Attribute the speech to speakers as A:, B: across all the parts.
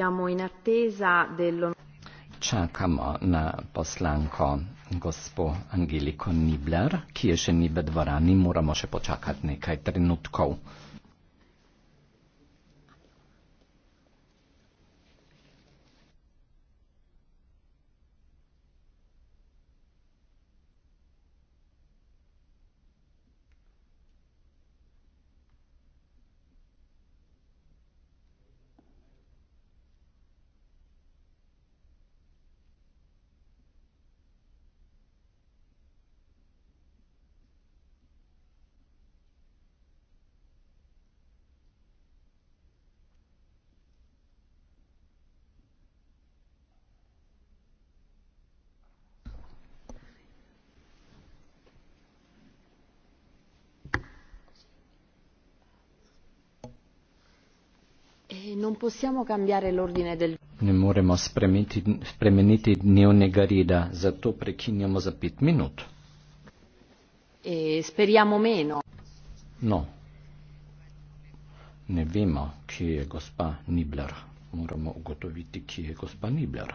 A: siamo in attesa dello...
B: Čakamo na poslanko gospo Angeliko Nibler, ki je še ni v dvorani, moramo še počakati nekaj trenutkov.
A: non possiamo cambiare l'ordine del Ne
B: moremo spremeniti, spremeniti dnevnega reda, zato prekinjamo za pet minut.
A: E speriamo meno.
B: No. Ne vemo, kje je gospa Nibler. Moramo ugotoviti, kje je gospa Nibler.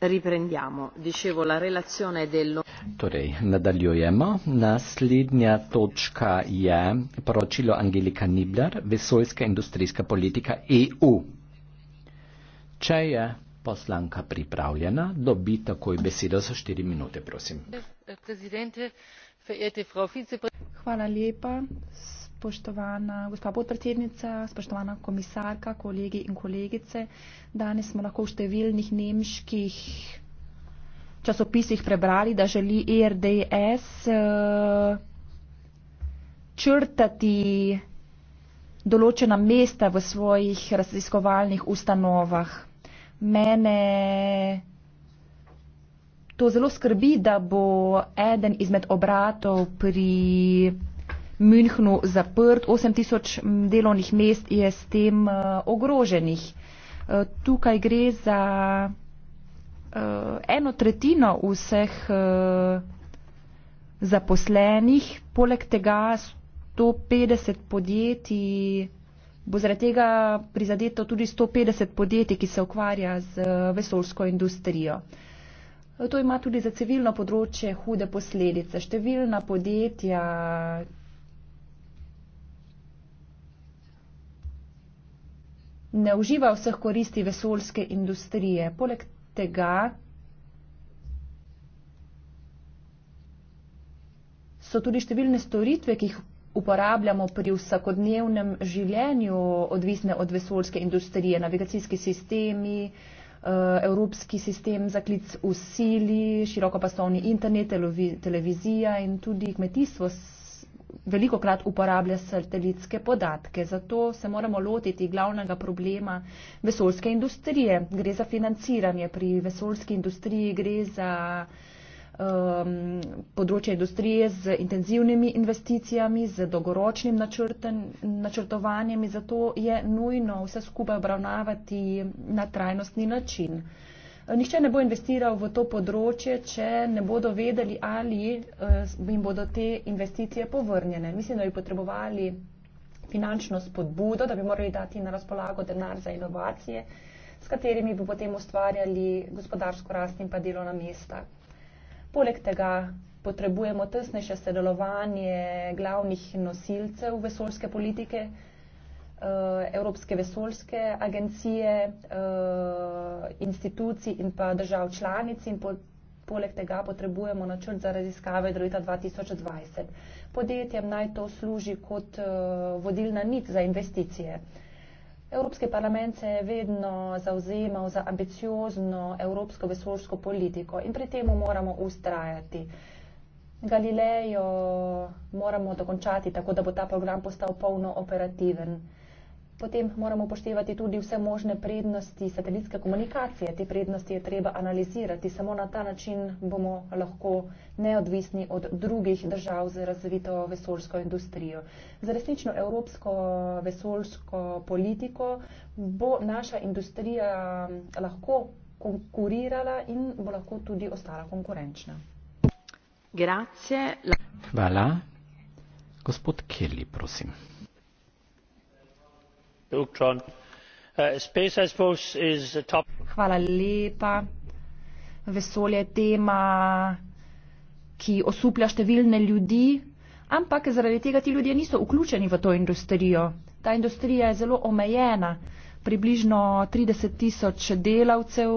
A: No-
B: torej, nadaljujemo. Naslednja točka je poročilo Angelika Nibler, vesoljska industrijska politika EU. Če je poslanka pripravljena, dobi takoj besedo za štiri minute, prosim.
A: Hvala lepa. Spoštovana gospa podpredsednica, spoštovana komisarka, kolegi in kolegice, danes smo lahko v številnih nemških časopisih prebrali, da želi ERDS uh, eh, črtati določena mesta v svojih raziskovalnih ustanovah. Mene to zelo skrbi, da bo eden izmed obratov pri Münchnu zaprt, 8000 delovnih mest je s tem uh, ogroženih. Uh, tukaj gre za uh, eno tretjino vseh uh, zaposlenih, poleg tega 150 podjetij, bo zaradi tega prizadeto tudi 150 podjetij, ki se ukvarja z uh, vesolsko industrijo. To ima tudi za civilno področje hude posledice. Številna podjetja, ne uživa vseh koristi vesoljske industrije. Poleg tega so tudi številne storitve, ki jih uporabljamo pri vsakodnevnem življenju, odvisne od vesoljske industrije, navigacijski sistemi, eh, evropski sistem za klic v sili, širokopasovni internet, televizija in tudi kmetijstvo veliko krat uporablja satelitske podatke. Zato se moramo lotiti glavnega problema vesolske industrije. Gre za financiranje pri vesolski industriji, gre za um, področje industrije z intenzivnimi investicijami, z dogoročnim načrtovanjem. Zato je nujno vse skupaj obravnavati na trajnostni način. Nihče ne bo investiral v to področje, če ne bodo vedeli, ali eh, jim bodo te investicije povrnjene. Mislim, da bi potrebovali finančno spodbudo, da bi morali dati na razpolago denar za inovacije, s katerimi bi potem ustvarjali gospodarsko rast in pa delovna mesta. Poleg tega potrebujemo tesnejše sodelovanje glavnih nosilcev vesoljske politike, Eh, Evropske vesoljske agencije, eh, institucij in pa držav članic in po, poleg tega potrebujemo načrt za raziskave do leta 2020. Podjetjem naj to služi kot eh, vodilna nit za investicije. Evropski parlament se je vedno zauzemal za ambiciozno evropsko vesoljsko politiko in pri tem moramo ustrajati. Galilejo moramo dokončati tako, da bo ta program postal polno operativen. Potem moramo upoštevati tudi vse možne prednosti satelitske komunikacije. Te prednosti je treba analizirati. Samo na ta način bomo lahko neodvisni od drugih držav z razvito vesoljsko industrijo. Z resnično evropsko vesoljsko politiko bo naša industrija lahko konkurirala in bo lahko tudi ostala konkurenčna. Grazie.
B: Hvala. Gospod Kelly, prosim.
A: Uh, hvala lepa vesolje tema ki osuplja številne ljudi ampak zaradi tega ti ljudje niso vključeni v to industrijo ta industrija je zelo omejena približno 30 tisoč delavcev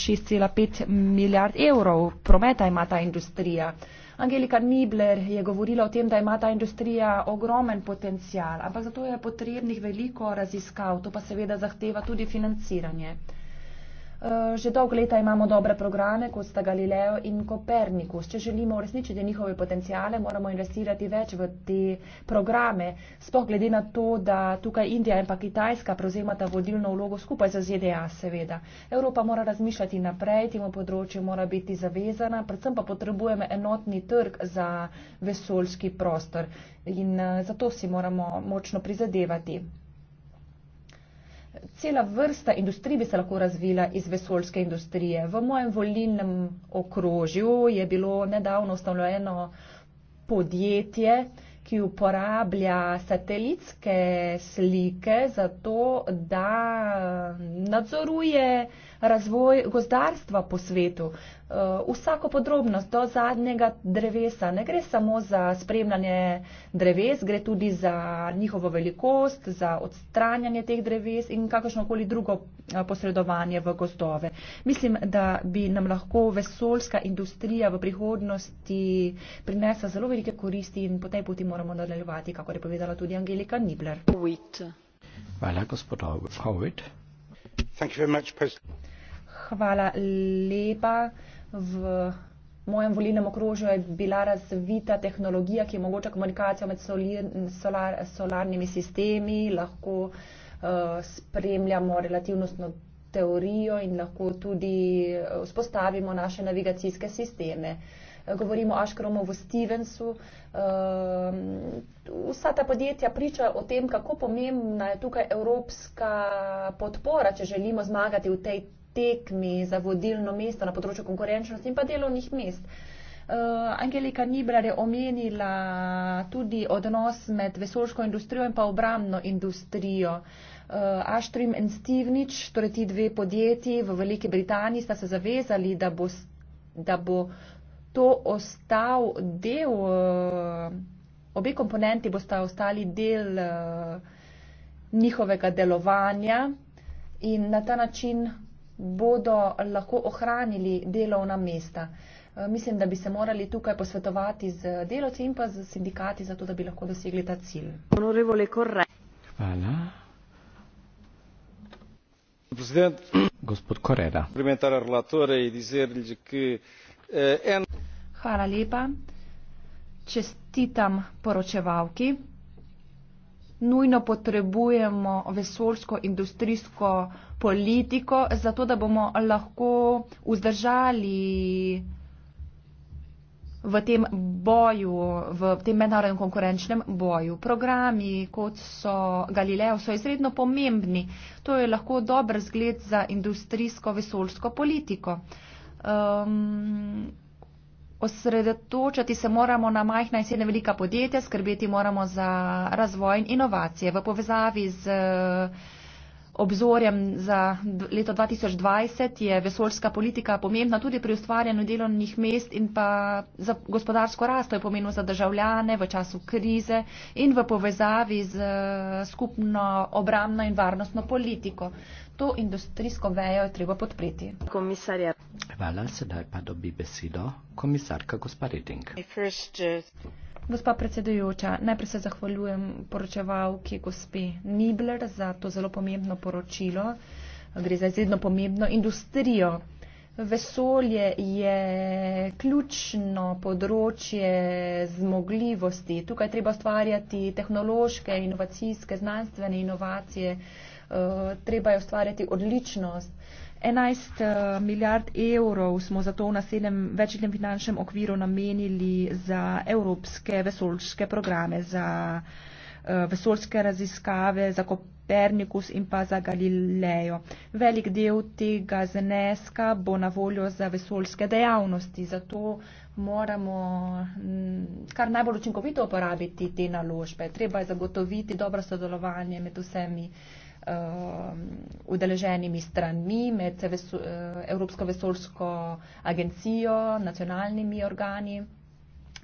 A: 6,5 milijard evrov prometa ima ta industrija. Angelika Nibler je govorila o tem, da ima ta industrija ogromen potencial, ampak zato je potrebnih veliko raziskav, to pa seveda zahteva tudi financiranje. Eh, že dolgo leta imamo dobre programe, kot sta Galileo in Kopernikus. Če želimo uresničiti njihove potencijale, moramo investirati več v te programe. Sploh glede na to, da tukaj Indija in pa Kitajska prevzemata vodilno vlogo skupaj z ZDA, seveda. Evropa mora razmišljati naprej, temu področju mora biti zavezana, predvsem pa potrebujemo enotni trg za vesoljski prostor. In eh, zato si moramo močno prizadevati cela vrsta industrij bi se lahko razvila iz vesoljske industrije. V mojem volilnem okrožju je bilo nedavno ustanovljeno podjetje, ki uporablja satelitske slike za to, da nadzoruje razvoj gozdarstva po svetu. Eh, vsako podrobnost do zadnjega drevesa. Ne gre samo za spremljanje dreves, gre tudi za njihovo velikost, za odstranjanje teh dreves in kakršnokoli drugo eh, posredovanje v gozdove. Mislim, da bi nam lahko vesoljska industrija v prihodnosti prinesla zelo velike koristi in po tej poti moramo nadaljevati, kako je povedala tudi Angelika Nibler.
B: Hvala, gospod Howard. Thank you very much, President
A: hvala lepa. V mojem volilnem okrožju je bila razvita tehnologija, ki omogoča komunikacijo med solir, solar, solarnimi sistemi, lahko uh, spremljamo relativnostno teorijo in lahko tudi eh, vzpostavimo naše navigacijske sisteme. Eh, govorimo o Aškromu v Stevensu. Vsa ta podjetja priča o tem, kako pomembna je tukaj evropska podpora, če želimo zmagati v tej tekmi za vodilno mesto na področju konkurenčnosti in pa delovnih mest. Eh, Angelika Nibrar je omenila tudi odnos med vesoljsko industrijo in pa obramno industrijo. Eh, Aštrim in Stevenič, torej ti dve podjetji v Veliki Britaniji, sta se zavezali, da bo, da bo to ostal del, eh, obe komponenti bosta ostali del njihovega delovanja in na ta način bodo lahko ohranili delovna mesta. Eh, mislim, da bi se morali tukaj posvetovati z delovci in pa z sindikati, zato da bi lahko dosegli ta cilj.
B: Hvala. Gospod Koreda. Eh,
A: Hvala lepa. Čestitam poročevalki nujno potrebujemo vesoljsko industrijsko politiko, zato da bomo lahko vzdržali v tem boju, v tem mednarodnem konkurenčnem boju. Programi, kot so Galileo, so izredno pomembni. To je lahko dober zgled za industrijsko vesoljsko politiko. Um, Osredotočati se moramo na majhna in srednja velika podjetja, skrbeti moramo za razvoj in inovacije v povezavi z uh, obzorjem za leto 2020 je vesoljska politika pomembna tudi pri ustvarjanju delovnih mest in pa za gospodarsko rast, to je pomenilo za državljane v času krize in v povezavi z eh, skupno obramno in varnostno politiko. To industrijsko vejo je treba podpreti. Komisarja.
B: Hvala, sedaj pa dobi besedo komisarka gospa Reding.
A: First, uh... Gospa predsedujoča, najprej se zahvaljujem poročevalki gospe Nibler za to zelo pomembno poročilo. Gre za izredno pomembno industrijo. Vesolje je ključno področje zmogljivosti. Tukaj treba ustvarjati tehnološke, inovacijske, znanstvene inovacije. Eh, treba je ustvarjati odličnost. 11 eh, milijard evrov smo zato v naslednjem večletnem finančnem okviru namenili za evropske vesoljske programe, za eh, vesoljske raziskave, za Kopernikus in pa za Galilejo. Velik del tega zneska bo na voljo za vesoljske dejavnosti, zato moramo mm, kar najbolj učinkovito uporabiti te naložbe. Treba je zagotoviti dobro sodelovanje med vsemi um, udeleženimi uh, stranmi, med vesu, uh, eh, Evropsko vesolsko agencijo, nacionalnimi organi.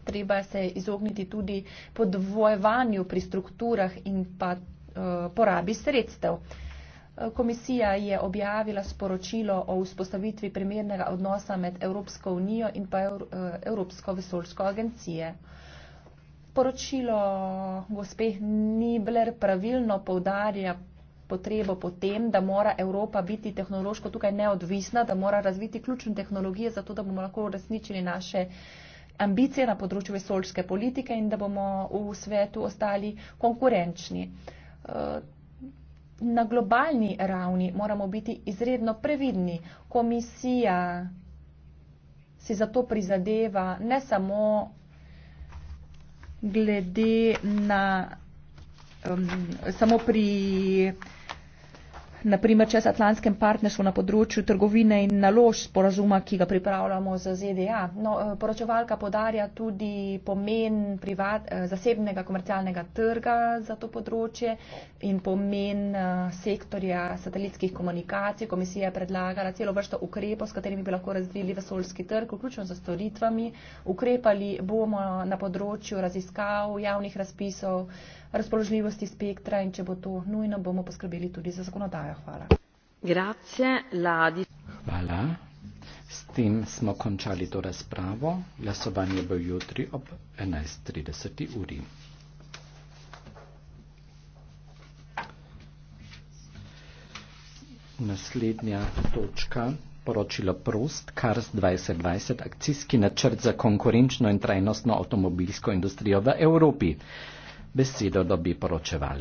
A: Treba se izogniti tudi podvojevanju pri strukturah in pa uh, porabi sredstev. Uh, Komisija je objavila sporočilo o vzpostavitvi primernega odnosa med Evropsko unijo in pa eh, Evropsko vesoljsko agencije. Poročilo gospe Nibler pravilno povdarja potrebo po tem, da mora Evropa biti tehnološko tukaj neodvisna, da mora razviti ključne tehnologije za to, da bomo lahko uresničili naše ambicije na področju vesoljske politike in da bomo v svetu ostali konkurenčni. Eh, na globalni ravni moramo biti izredno previdni. Komisija si zato prizadeva ne samo glede na um, samo pri naprimer čez Atlantskem partnerstvu na področju trgovine in nalož sporazuma, ki ga pripravljamo z ZDA. No, eh, poročevalka podarja tudi pomen privat, eh, zasebnega komercialnega trga za to področje in pomen eh, sektorja satelitskih komunikacij. Komisija je predlagala celo vrsto ukrepov, s katerimi bi lahko razvili vesoljski trg, vključno z storitvami. Ukrepali bomo na področju raziskav, javnih razpisov, razpoložljivosti spektra in če bo to nujno, bomo poskrbeli tudi za zakonodajo hvala. Grazie, ladi.
B: Hvala. S tem smo končali to razpravo. Glasovanje bo jutri ob 11.30 uri. Naslednja točka. Poročilo Prost, Kars 2020, akcijski načrt za konkurenčno in trajnostno avtomobilsko industrijo v Evropi. Besedo dobi poročevalec.